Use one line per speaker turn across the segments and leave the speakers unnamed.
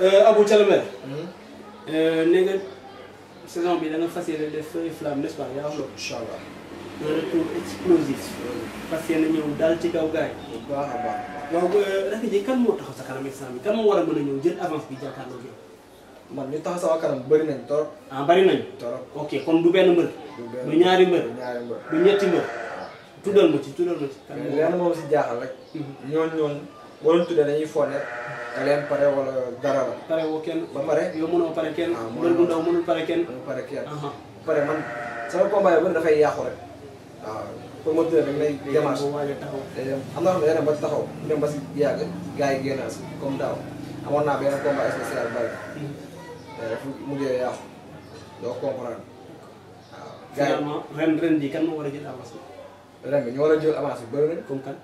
Euh, abu Thialamène. Hmm. Euh, nee nga saison bi da nga fas yéene def feuille flamme nest yaa ngi incha allah un ñëw daal ci kaw gars yi. bu baax a baax. waaw Raka Dieye kan moo taxaw sa kanam instant kan moo war a mën a ñëw jël avance bi jàkkaarloo yow. man li tax sa kanam bëri nañ torop. ah bëri nañ. torop ok kon du benn mbër. du ñaari mbër du ñaari ñetti mbër. Ah. tuddal ma ci tuddal ma ci. kan moom si jaaxal rek. Hmm. ñooñu ñooñu boo leen tuddee dañuy fone nga leen pare wala dara pare woo kenn ba pare yow mënoo pare kenn. waaw ah, mënoo bu ndaw pare kenn. mënul pare kenn. pare man sama combat yi bëri dafay yàqu rek. waaw promoteur rek lay démarche. day dem am na xam ne yeneen ba ci taxaw. dem ba si yàgg gars yi génn si comme daaw amoon naa benn combat spécial bi hmm. kan moo a jël avance bi. ren bi a jël comme kan.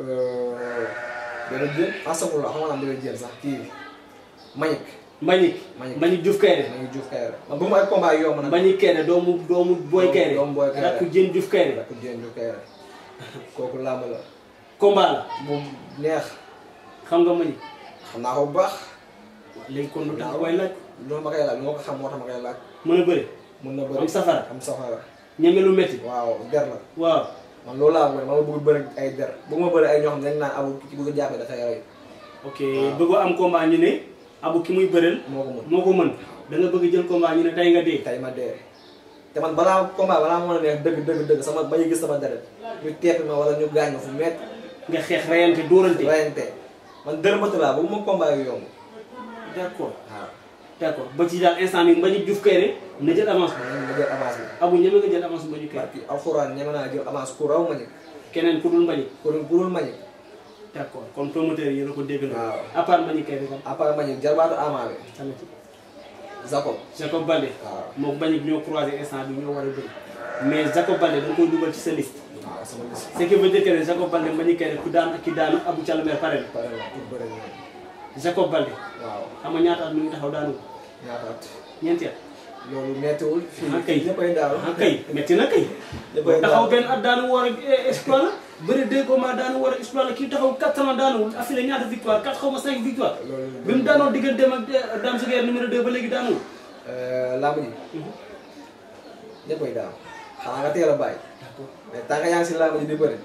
Euh, dana jël astafurlah xam nga sax kii Manick. Manick Manick Diouf Kayre. Manick Diouf Kayre ma ay combat yu yomb nag. Manick Kayre doomu doomu kooku làmb la. combat la. neex. xam nga Manick. naa ko baax. léegi kon lu tax koy laaj. loolu ma koy laaj moo ko xam moo tax ma koy laaj. mën na bëri. mën na bëri am safara am safara. ñeme lu métti. waaw der la waaw. man loolu laa man ma bëgg bëri ay der bëgg ma bëri ay ñoo xam ne dañ naan abu ki bëgg jàppee dafay roy ok bëgg am combat ñu ne abu ki muy bëreel moo ko mën moo ko mën da bëgg jël combat ñu ne tey nga dee tey ma dee te man balaa combat balaa mën a dëgg dëgg dëgg sama bañu gis sama deret ñu tepp ma wala ñu gaañ ma fu mett nga xeex rayante dóorante rayante man dërmatu laa bëgg ma combat yu yomb d'accord d' ba ci daal instant bi Mbagnick Diouf Kaïré na jël avance bi. na jël avance bi. abu ñeme nga jël avance Mbagnick Kaïré. kii alxuraan ñeme naa yi yéen a ko a bëri. mais Jacob Balde dugal ci sa liste. waaw sama liste. ce qui Jacob Balde Mbagnick Kaïré ku daan ak ki daanu Abou Thialamère pare na. pare na Jacob Balde. waaw xam nga ñaata at ngi taxaw daanu ko. ñaata at ñeenti at. loolu méttiwul. fii ah, kay ñëppay daanu ah, kay métti na kay. ñëppay taxaw benn at daanu war a eh, exploit bëri deux combats daanu war a exploit kii taxaw quatre ans daanu affilé ñaata victoire quatre xaw ma cinq victoire. loolu bi mu daanoo digganteem ak eh, Dame Souguer numéro deux ba léegi euh, mhm. daanu. làmb ji. ñëppay daanu. xanaa nga teel a bàyyi. d'accord mais tant que yaa ngi si làmb ji di bëri.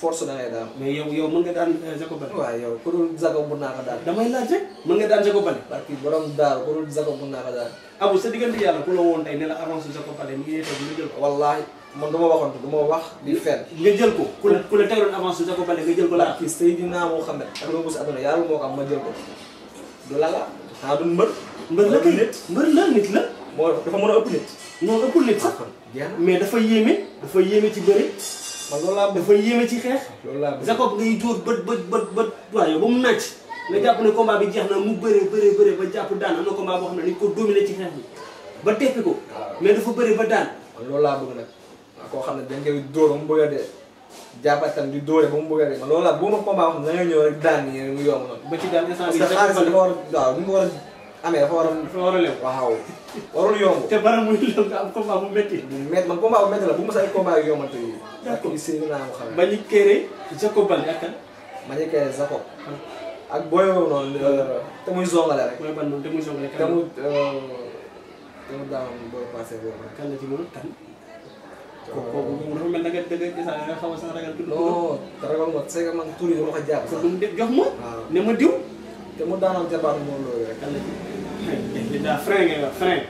force da ngay daal. mais yow yow mën nga daan euh, Jacob Baldé. waaw yow ku dul Jacob bu naa ko daal. damay laaj rek mën nga daan Jacob Baldé. parce que borom daal ku dul Jacob bu naa ko daal. Abou sa diggante yàlla ku la woon tey ne la avance Jacob Baldé mu ngi yéex a nga jël ko. wallaahi man du ma waxoon du ma wax di fenn. nga jël ko ku jël ko laa. kii Seydina Mouhamed ak loo mos aduna yàlla moo ko am ma jël ko du la la xanaa ah, du mbër mbër la nit mbër la nit la moo dafa mën a ëpp nit. non ëppul nit sax. mais dafa yéeme. dafa yéeme ci bëri. man loolu dafa yéeme ci xeex. loolu laa bëgg Jacob ngay dóor bët bët bët bët waaye mu naaj. nga jàpp ne combat bi jeex na mu bëree bëree bëree ba jàpp daan am na combat boo xam ne ko dominé ci xeex mais dafa bëri ba daan. man loolu laa bëgg nag. waaw koo xam ne dañ koy dóor ba mu bëgg a dee. jàppatam di a nga war a waaw mu war a amee dafa war a. dafa war a lew waaw warul yomb. te bara muy lew nga am combat bu métti. bu métti man combat bu métti la bu mu mos a ay combat ah. euh, te muy zongale rek. muy zongale kan. te mu euh, te mu daawoon booy passé boobu rek. kan euh, nga dëgg gis a ragal. non ragal ne ma diw. te mu daanam jabaatu moom loolu rek. kan la ci daa frein ngay ah, wax frein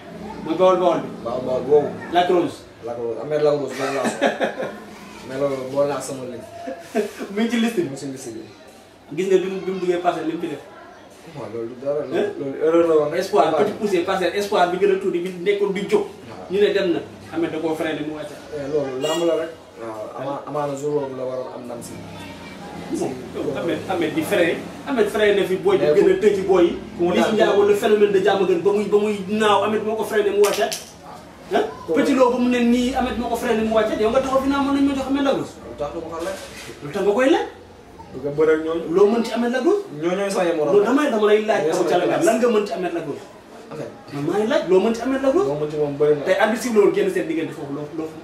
mooy bawol bawol bi. bawol bawol boobu. Lacrose. Lacrose Ahmed Lacrose man laa mais loolu boo naa sama lim. mu ngi ci liste bi mu ngi ci gis nga bi mu duggee passé li mu fi loolu dara loolu erreur la woon. espoir petit poussé passé bi gën a tuuti bi nekkoon du jóg. ñu ne dem na Ahmed da koo freiné eh, la rek. am ndam si. moom Ahmed Ahmed di frein Ahmed frein na fi booy bi gën a tëj ci booy yi. li si njaay wala phénomène de jàmm gën ba muy ba muy naaw Ahmed moo ko freiné mu wàcce. ah petit loo ba mu ne nii Ahmed moo ko freiné mu wàcce yow nga taxaw fi naa mën nañu ma jox Ahmed Lagos. lu tax du xam lu tax nga koy lekk. loo mën ci Ahmed Lagos. ñooñu lan nga mën ci Ahmed Lagos. man maa ngi laaj loo mën ci Ahmed Lagos. loo mën ci loolu génn seen diggante foofu loo loo fa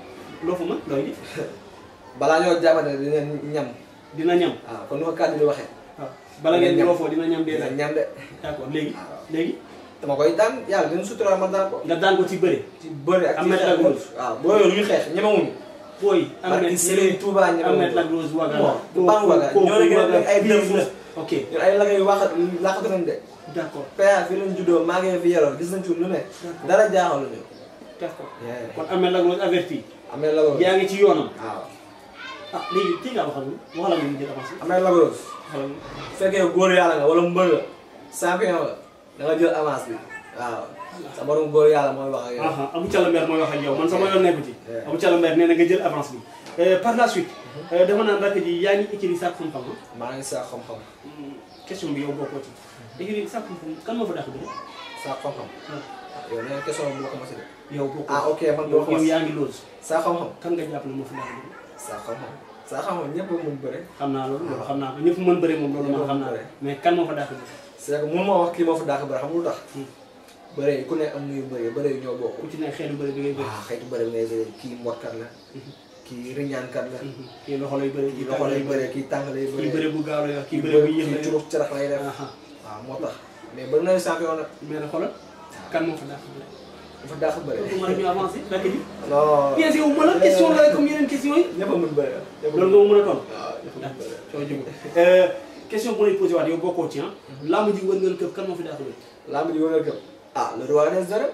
loo fa mën looy balaa ñoo jàppante dinañ ñam dina ñam ah, kon nu ka kàddu di waxee waaw ah, bala ngeen ñoo foo dina ñam de dina ñam de d'accord léegi ah, léegi dama koy daan yàlla dina sutura ma daan ko nga daan ko ci bëri ci bëri ak Ahmed Lac Rose waaw boo yooyu ñu xeex ñemewuñu booy Ahmed Sëriñ Touba Ahmed Lac Rose ay biir la ok ñun ay la ngay wax laqatu nañ de d'accord PA fi lañ juddoo maa ngi fi yaroo gis nañ ci lu ne dara jaaxalu ñu d'accord kon Ahmed Lac Rose averti Ahmed Lac yaa ngi ci yoonam ah léegi kii nga waxal ñu waxal ñu la rose. fekkee góor yàlla nga wala mbër la. jël avance bi waaw. sa borom góor yàlla mooy wax ak yow. Ah, ah, Abou Thiala Mère mooy wax ak yow man sama yoon nekku ci. Eh. Abou jël avance bi. Eh, par la suite. Mhm. Eh, dama naan ji yaa ngi écrit sax xam-xam. xam kan moo fa ah. na question bi boo de. yow bokkoo ah ok man boo commencé yow yaa ngi loolu. sax xam-xam kan nga saa sa saa xamoon ñëpp mën bëre. xam naa loolu loolu xam naa ko ñëpp mën bëre moom loolu man xam naa mais kan moo fa dàq bëre. c'est que moom tax. Hmm. bëre yi ku ne am nuyu bëre bëre yi ñoo bokk. bi ngay bëre. waaw ah, kii mbotkat la. Hmm. kii riñaankat la. Hmm. kii loxo lay loxo lay bëre kii tàng lay bëre. kii bëre bu gaaw bu yéex lay def kii curax lay def. waaw ah, moo tax mais bëri na sànq yoon nag. mais kan moo fa dàq bëre dafa daa fa bëri. mën nañu avancé dàkk ji. non pièce yow ma la question la comme yeneen question yi. ñëpp a mën bëri ah. loolu nga mën a tontu. waaw ah, ñëpp a mën ah, euh, question bu lay posé waat yow bokkoo ci ah. Mhm. làmb ji wërngal këpp kan moo fi daa fa bëri. làmb ji wërngal këpp ah le roi des arènes.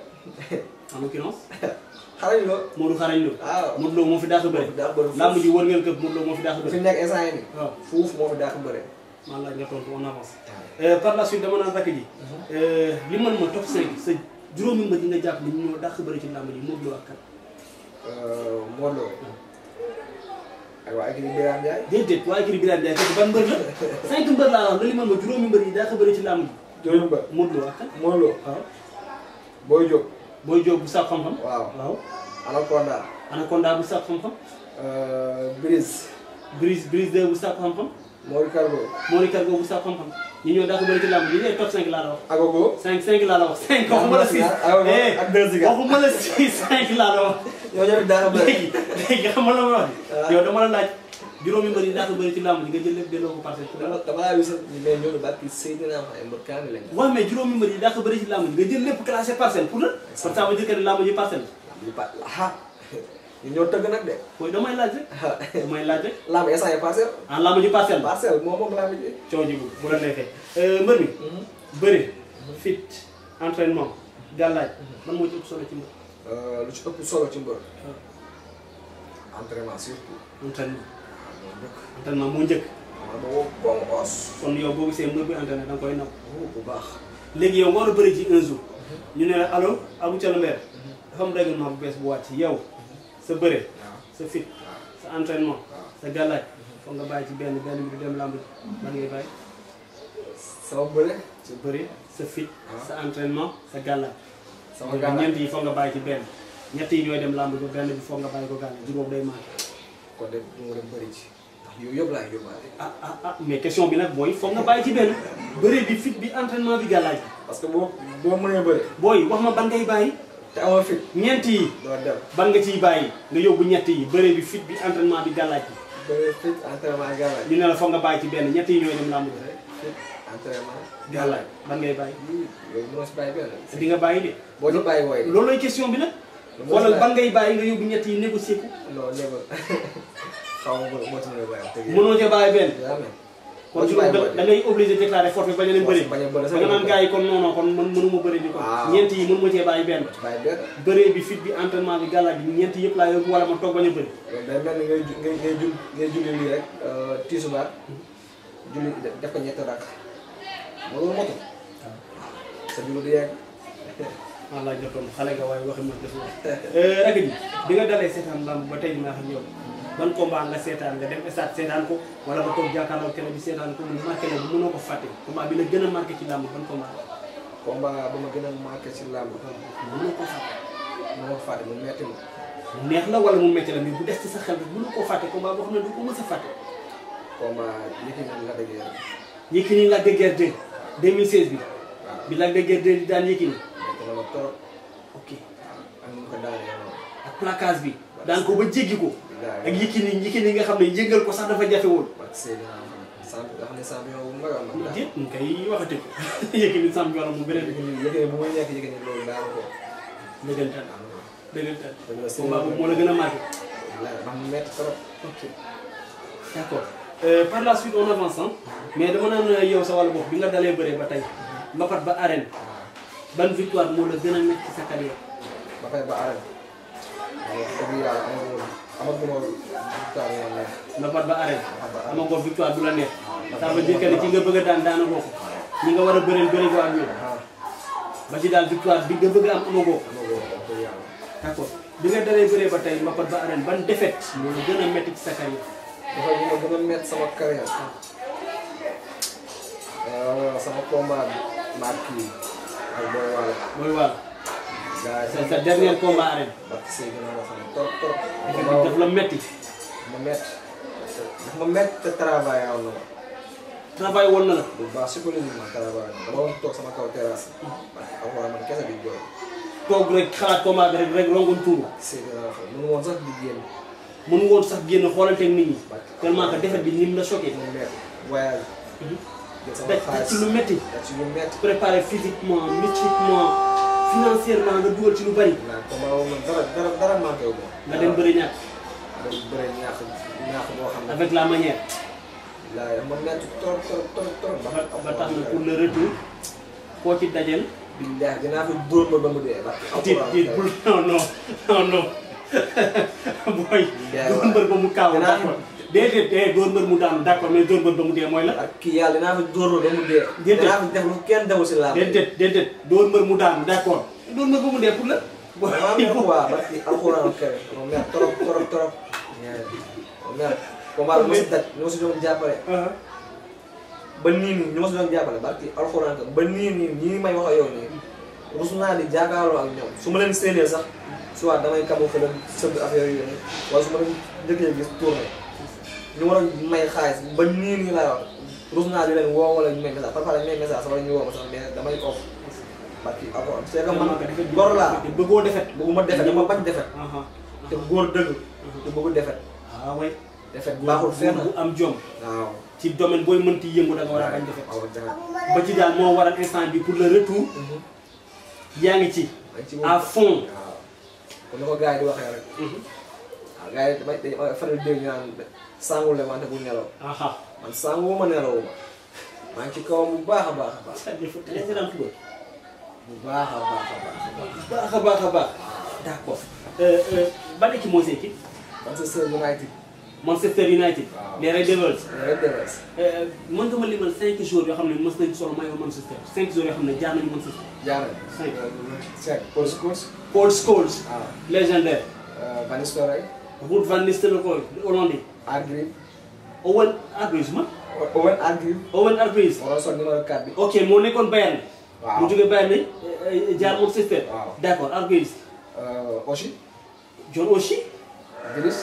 en l'occurrence. xarañ loo Modou xarañ loo. waaw ah. Modou Lo moo fi daa fa bëri. làmb ji wërngal këpp Modou Lo moo fi daa fa bëri. fi nekk instant yii nii. waaw fuuf moo fi daa fa bëri. maa ngi laaj nga tontu on avance. Euh, par la suite dama naan rakk ji. Mhm. Euh, li mën ma top 5 sa juróomi mbër yi nga jàpp ne ñoo dàq bëri ci làmb ji Modou Lo ak kan. Euh, Modou Lo. Ah. aywa ak li Birame Ndiaye. déedéet waaye ak li Birame Ndiaye fekk ban mbër la. mbër laa nga limal ma juróomi mbër yi dàq bëri ci làmb ji. juróomi mbër Modou Lo ak booy Modou Lo waaw. Ah. Boy Diop. Boy Diop bu sàq xam-xam. waaw waaw. Anaconda. Anaconda bu sàq xam-xam. Euh, Brise. Brise Brise de bu sàq xam-xam. Mori Cargo. Mori Cargo bu sa xam-xam ñu ñëw daa ko bëri ci làmb ñu ñëw top 5 laa la wax. agogo 5 5 laa la wax. 5 waxuma la 6 eh, ak 2 Ziga waxuma la 6 5 laa la wax. yow ñëpp daa ko bëri léegi léegi xam nga la ma wax. Ah. yow dama la laaj juróomi mbër yi daa ko bëri ci làmb ji nga jël lépp delloo ko parce que. dama dama laa wis mais ñooñu baat bi sëy dina am ay mbër kaami lañ. waaw mais juróomi mbër yi daa ko bëri ci làmb ji nga jël lépp classé parcelle pour la. parce que ça veut dire que làmb ji parcelle la. ñu ñoo tëgg nag de. mooy damay laaj rek. Ah. damay laaj rek. laamu instant yii parcelle. ah laamu ji parcelle. parcelle moom moom laamu ji. coow ji bu la neexee euh, mbër mi. Mhm. bëri. Mhm. fit entraînement. gàllaaj man moo ci ëpp solo ci mbër. Euh, lu ci ëpp solo ci mbër. Ah. entraînement surtout. entraînement. Ah, entraînement moo njëkk. waaw ba kon yow boo gisee mbër bi entraîné da nga koy naw. Oh, bu baax léegi yow nga war a bëri ci un jour. Mhm. ñu ne la allo Abou Thiel Mber. dafa am règlement bu bees bu wàcc yow. sa bëre ah. sa fit sa entraînement ah. sa gàllaaj foog nga bàyyi ci benn benn bi du dem làmb ban ngay bàyyi sama bëre sa bëre sa fit ah. sa entraînement sa gàllaaj sama gàllaaj ñeent yi foog nga bàyyi ci benn ñett yi ñooy dem làmb foog nga bàyyi ko gàllaaj juróom day maan kon de mu ci yooyu ah ah mais question bi nag booy foog nga bàyyi ci benn bëree bi fit bi entraînement bi gàllaaj parce que boo boo mënee bëri. booy wax ma ban ngay bàyyi. te amoo fit ñeent yi. ban nga ciy bàyyi nga yóbbu ñett yi bëre bi fit bi entraînement bi gàllaaj bi. bëre fit ñu ne la foog nga bàyyi ci benn ñett yi ñooy dem làmb bi. fit entraînement. gàllaaj ban ngay bàyyi. yooyu moo bàyyi di nga bàyyi de. boo ci bàyyi wooyee loolu lay question bi nag. wala ban ngay bàyyi nga yóbbu ñett yi négocier ko. non négo xaw ma mënoo ca bàyyi benn. kon da ngay obligé déclarer forfait nga naan gars ma def la rek ji nga dalee seetaan lamb ba tey ji xam yow ban combat nga seetaan nga dem stade seetaan ko wala nga toog jàkkaarloo keneen di seetaan ko mu marqué la bu mënoo ko fàtte combat bi la gën a marqué ci làmb ban combat combat ba ma gën a marqué ci làmb ah, mënoo ko fàtte ko fàtte mu metti ma neex la wala mu metti la mais bu des ci sa xel rek mënoo koo fàtte combat boo xam ne du ko mës a fàtte combat Yékini la dëgg Yékini la dëgg 2 2016 bi ah. bi la dëgg 2 di daan ah, ak placage bi daan ko ba jéggi ko ak Yékini Yékini nga xam ne yëngal ko sax dafa jafe woon. waaw sëñ nga xam ne champion bu mag a mag. daal déet nga koy waxati ko Yékini champion la mu beneen bi. Yékini bu may nekk Yékini loolu moo la gën a marqué. waaw mu métti trop. ok d'accord euh, par la suite on avance mais dama naan euh, yow sa wàllu bopp bi nga dalee bëree ba tey mbapat ba arène ban victoire moo la gën a nekk ci sa carrière. ba arène. amaguma victoire yi la neex. nga bat ba arrêté. amagoo victoire du la neex. ça veut dire que ci nga bëgg a daan daana ko ñi nga war a bëreel bëri ko ak ñoom. ba ci daal victoire bi nga bëgg a am amagoo. d'accord bi nga dalee bëree ba tey mbapat ba arène ban défaite loolu gën a métti ci sa carrière. dafa gën a gën a métti sama carrière. Euh, ak Boy Walo. sa sa dernier combat arène. daf la metti. ma metti ma metti te travail am na ma. travail woon na la. bu baax psychologiquement travail woon dama woon toog sama kaw terrasse. man rek xalaat combat bi rek rek rongoon tuuru. c'est vrai mënu woon sax di génn. mënu woon sax génn xoolanteeg nit ñi. tellement bi nim la choqué. mu metti voyage. Mhm. jël sama xaalis daj ci lu metti. financièrement nga dugal ci lu bari. nga dem bëri ñàkk. avec la manière. laay ma nekk ba tax na pour le retour koo ci dajel. bilaay mu dee. bul non non booy. bilaay waaw dóor ba mu kaaw. déedéet déedéet dóor mbër mu daanu d'accord mais dóor mbër ba mu dee mooy la. ak kii yàlla dinaa fa dóor ba mu dee. déedéet dinaa fa def lu kenn demul si laa. déedéet déedéet dóor mbër mu daanu d'accord dóor mbër ba mu dee pour la. waaw waaw waaw parce que alxuraan kare moom mer trop trop trop. moom mer combat bi ma si daj li ma si doon jàppale. Uh-huh. ba nii nii li ma si doon jàppale parce que alxuraan kare ba nii nii nii may wax ak yow nii. rus naa di jàkkaarloo ak ñoom su ma leen séenee sax soit damay kamoo fële sëb affaire yooyu wala su ma leen njëkkee gis tourné. ñu war a may xaalis ba nii nii laay wax ruus naa di leen woo wala ñu may message parfois dañu may message wala ñu woo ma sax mais damay off. parce que ako c'est que man góor laa bëggoo defet bëgguma defet dama bañ uh-huh. uh-huh. ah bu am jom waaw ci domaine booy mënti yëngu da war a bañ defet ba ci daal moo waral instant bi pour le retour mm-hmm. yaa ngi ci à fond kon na ko gars di waxee rek mm-hmm. waaw gars yi damay damay faral dégg ñu naan sàngul leen wante bu nelaw. man sàngu ma nelawu ma. maa ngi ci kawam bu baax a baax a baax. bu baax a baax a baax. bu baax a baax a baax. d' accord ban équipe mooy sa équipe. Manchester United. Manchester United. waaw ah. les Red Devils. les Red Devils. mën nga ma limal 5 jours yoo xam ne mës nañu solo maillot Manchester 5 jours yoo xam ne jaar nañu Manchester. jaar nañu 5 5 euh, euh, Paul Scholes. Paul Scholes. waaw ah. légendaire. Euh, Van Nistelrooy. Ruud van Nistelrooy, le Hollandais. Hargreaves. Owen Agrees, man. Owen Agrees. Owen Agrees. Hargreaves. wala sol numéro 4 bi. ok moo nekkoon Bayern. waaw mu jógee Bayern ni jaar Manchester. waaw d' accord Hargreaves. Oshie. John Oshie. Grealish.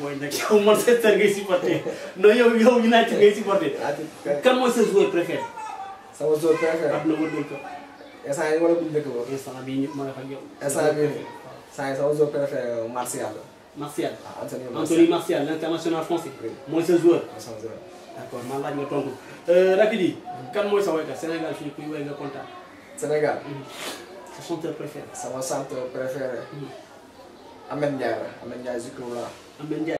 booy nag yow Manchester ngay supporté non yow yow United ngay supporté. kan mooy sa joueur préféré. sama joueur préféré. ab na ma dégg ko. instant yii wala bu ñu dëkk ba. instant bii ñu mën a fa yow. instant bii nii saa yi sama joueur préféré Martial la. Martial. Ah, Anthony Martial Martial l'international français. Moi, c'est joueur. d'accord Malade laaj nga tontu. Euh, Rakitic calme kan ça va être Sénégal fii kuy woy nga contact. Sénégal. Mhm. sa chanteur préféré. Sa chanteur préféré. Mhm. Ahmed Ndiaye la Ahmed Ndiaye Zikroullah.